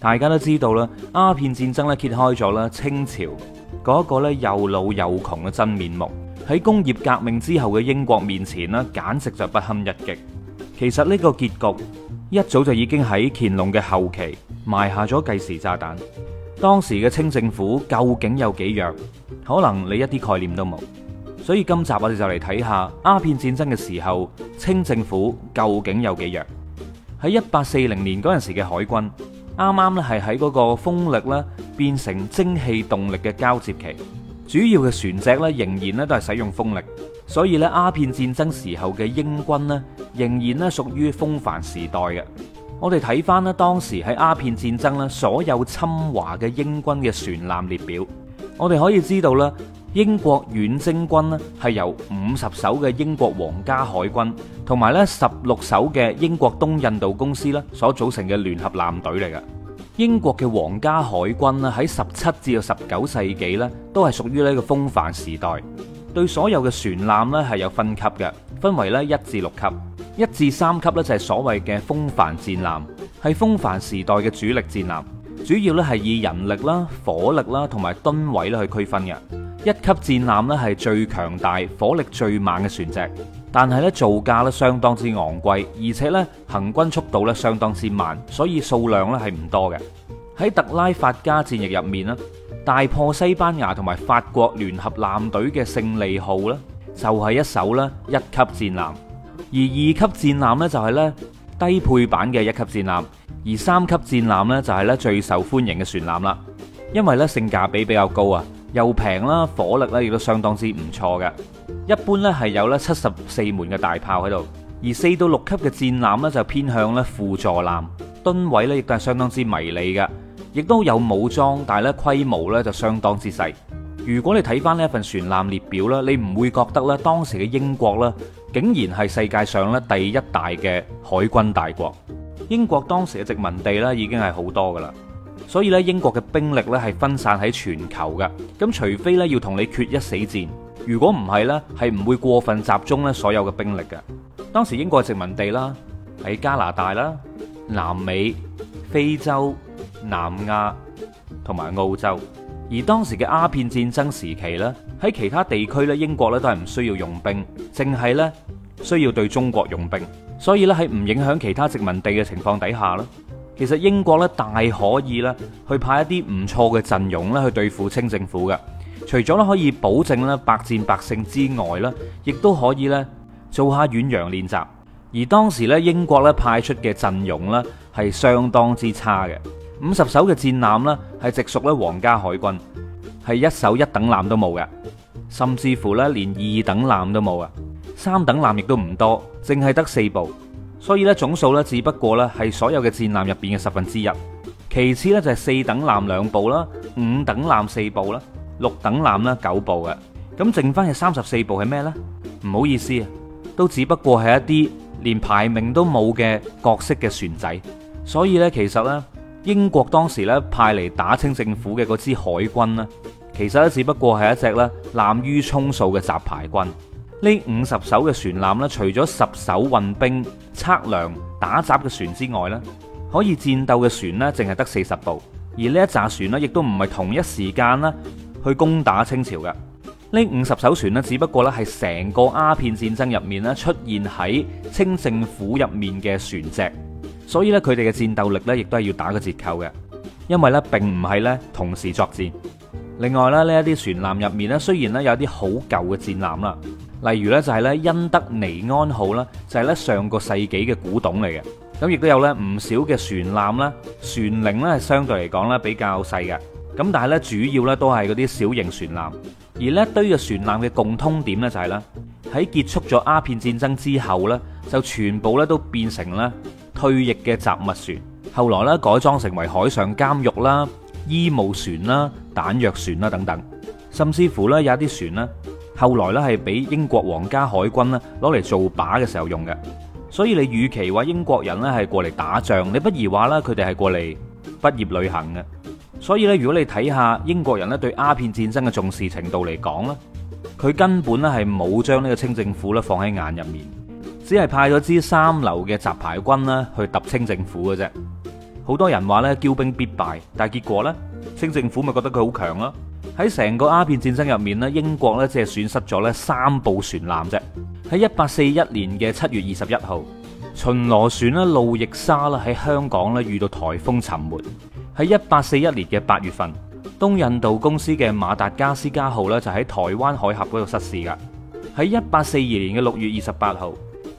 大家都知道啦，鴉片戰爭咧揭開咗啦清朝嗰個咧又老又窮嘅真面目。喺工業革命之後嘅英國面前呢，簡直就不堪一擊。其實呢個結局一早就已經喺乾隆嘅後期埋下咗計時炸彈。當時嘅清政府究竟有幾弱？可能你一啲概念都冇。所以今集我哋就嚟睇下鴉片戰爭嘅時候，清政府究竟有幾弱？喺一八四零年嗰陣時嘅海軍。啱啱咧係喺嗰個風力咧變成蒸汽動力嘅交接期，主要嘅船隻咧仍然咧都係使用風力，所以咧鴉片戰爭時候嘅英軍咧仍然咧屬於風帆時代嘅。我哋睇翻咧當時喺鴉片戰爭咧所有侵華嘅英軍嘅船艦列表，我哋可以知道啦。英國遠征軍咧係由五十艘嘅英國皇家海軍同埋咧十六艘嘅英國東印度公司啦所組成嘅聯合艦隊嚟嘅。英國嘅皇家海軍咧喺十七至到十九世紀咧都係屬於呢個風帆時代，對所有嘅船艦咧係有分級嘅，分為咧一至六級，一至三級咧就係所謂嘅風帆戰艦，係風帆時代嘅主力戰艦，主要咧係以人力啦、火力啦同埋噸位咧去區分嘅。一級戰艦咧係最強大、火力最猛嘅船隻，但係咧造價咧相當之昂貴，而且咧行軍速度咧相當之慢，所以數量咧係唔多嘅。喺特拉法加戰役入面咧，大破西班牙同埋法國聯合艦隊嘅勝利號咧就係一艘咧一級戰艦，而二級戰艦咧就係咧低配版嘅一級戰艦，而三級戰艦咧就係咧最受歡迎嘅船艦啦，因為咧性價比比較高啊。又平啦，火力咧亦都相當之唔錯嘅。一般咧係有咧七十四門嘅大炮喺度，而四到六級嘅戰艦呢就偏向咧輔助艦，噸位咧亦都係相當之迷你嘅，亦都有武裝，但係咧規模咧就相當之細。如果你睇翻呢一份船艦列表啦，你唔會覺得咧當時嘅英國咧竟然係世界上咧第一大嘅海軍大國。英國當時嘅殖民地咧已經係好多噶啦。所以咧，英國嘅兵力咧係分散喺全球嘅。咁除非咧要同你決一死戰，如果唔係呢，係唔會過分集中咧所有嘅兵力嘅。當時英國嘅殖民地啦，喺加拿大啦、南美、非洲、南亞同埋澳洲。而當時嘅鴉片戰爭時期咧，喺其他地區咧，英國咧都係唔需要用兵，淨係咧需要對中國用兵。所以咧喺唔影響其他殖民地嘅情況底下咧。其實英國咧大可以咧去派一啲唔錯嘅陣容咧去對付清政府嘅，除咗咧可以保證咧百戰百勝之外啦，亦都可以咧做下遠洋練習。而當時咧英國咧派出嘅陣容咧係相當之差嘅，五十艘嘅戰艦啦係直屬咧皇家海軍，係一艘一等艦都冇嘅，甚至乎咧連二等艦都冇啊，三等艦亦都唔多，淨係得四部。所以咧總數咧，只不過咧係所有嘅戰艦入面嘅十分之一。其次咧就係四等艦兩部啦，五等艦四部啦，六等艦啦九部嘅。咁剩翻嘅三十四部係咩呢？唔好意思啊，都只不過係一啲連排名都冇嘅角色嘅船仔。所以咧，其實咧英國當時咧派嚟打清政府嘅嗰支海軍呢，其實咧只不過係一隻咧濫竽充數嘅雜牌軍。呢五十艘嘅船艦呢，除咗十艘運兵、測量、打雜嘅船之外呢，可以戰鬥嘅船呢淨係得四十部。而呢一扎船呢亦都唔係同一時間呢去攻打清朝嘅。呢五十艘船呢只不過呢係成個鴉片戰爭入面呢出現喺清政府入面嘅船隻，所以咧佢哋嘅戰鬥力呢亦都係要打個折扣嘅，因為呢並唔係呢同時作戰。另外咧，呢一啲船艦入面呢雖然呢有啲好舊嘅戰艦啦。例如咧就係咧恩德尼安號啦，就係咧上個世紀嘅古董嚟嘅，咁亦都有咧唔少嘅船艦啦，船齡咧係相對嚟講咧比較細嘅，咁但係咧主要咧都係嗰啲小型船艦，而呢堆嘅船艦嘅共通點咧就係咧喺結束咗鴉片戰爭之後咧，就全部咧都變成咧退役嘅雜物船，後來咧改裝成為海上監獄啦、醫務船啦、彈藥船啦等等，甚至乎咧有一啲船咧。後來咧係俾英國皇家海軍咧攞嚟做靶嘅時候用嘅，所以你與其話英國人咧係過嚟打仗，你不如話啦佢哋係過嚟畢業旅行嘅。所以咧如果你睇下英國人咧對鴉片戰爭嘅重視程度嚟講咧，佢根本咧係冇將呢個清政府咧放喺眼入面，只係派咗支三流嘅雜牌軍咧去揼清政府嘅啫。好多人話咧驕兵必敗，但係結果咧清政府咪覺得佢好強咯。喺成個鴉片戰爭入面咧，英國咧即係損失咗咧三部船艦啫。喺一八四一年嘅七月二十一號，巡邏船啦路易沙啦喺香港咧遇到颱風沉沒。喺一八四一年嘅八月份，東印度公司嘅馬達加斯加號啦就喺台灣海峽嗰度失事嘅。喺一八四二年嘅六月二十八號，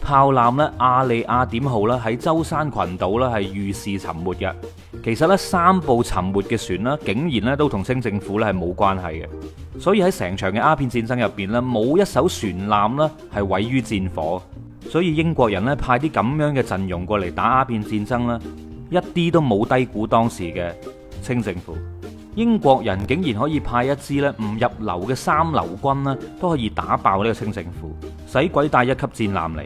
炮艦啦阿里亞點號啦喺舟山群島啦係遇事沉沒嘅。其實咧，三部沉沒嘅船啦，竟然咧都同清政府咧係冇關係嘅。所以喺成場嘅鴉片戰爭入邊咧，冇一艘船艦啦係毀於戰火。所以英國人咧派啲咁樣嘅陣容過嚟打鴉片戰爭咧，一啲都冇低估當時嘅清政府。英國人竟然可以派一支咧唔入流嘅三流軍啦，都可以打爆呢個清政府，使鬼帶一級戰艦嚟！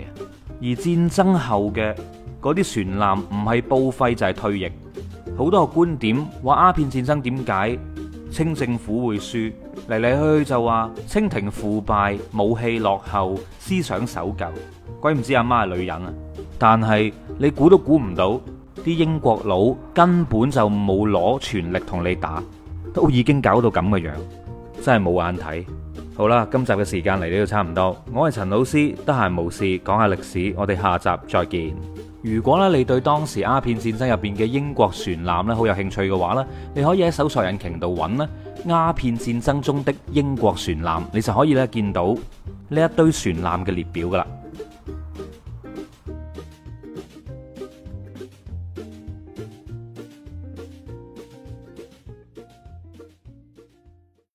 而戰爭後嘅嗰啲船艦唔係報廢就係退役。好多個觀點話，鴉片戰爭點解清政府會輸，嚟嚟去去就話清廷腐敗、武器落後、思想守舊。鬼唔知阿媽係女人啊！但係你估都估唔到，啲英國佬根本就冇攞全力同你打，都已經搞到咁嘅樣，真係冇眼睇。好啦，今集嘅時間嚟到差唔多，我係陳老師，得閒無事講下歷史，我哋下集再見。如果咧你對當時鴉片戰爭入邊嘅英國船艦咧好有興趣嘅話咧，你可以喺搜索引擎度揾啦，《鴉片戰爭中的英國船艦》，你就可以咧見到呢一堆船艦嘅列表噶啦。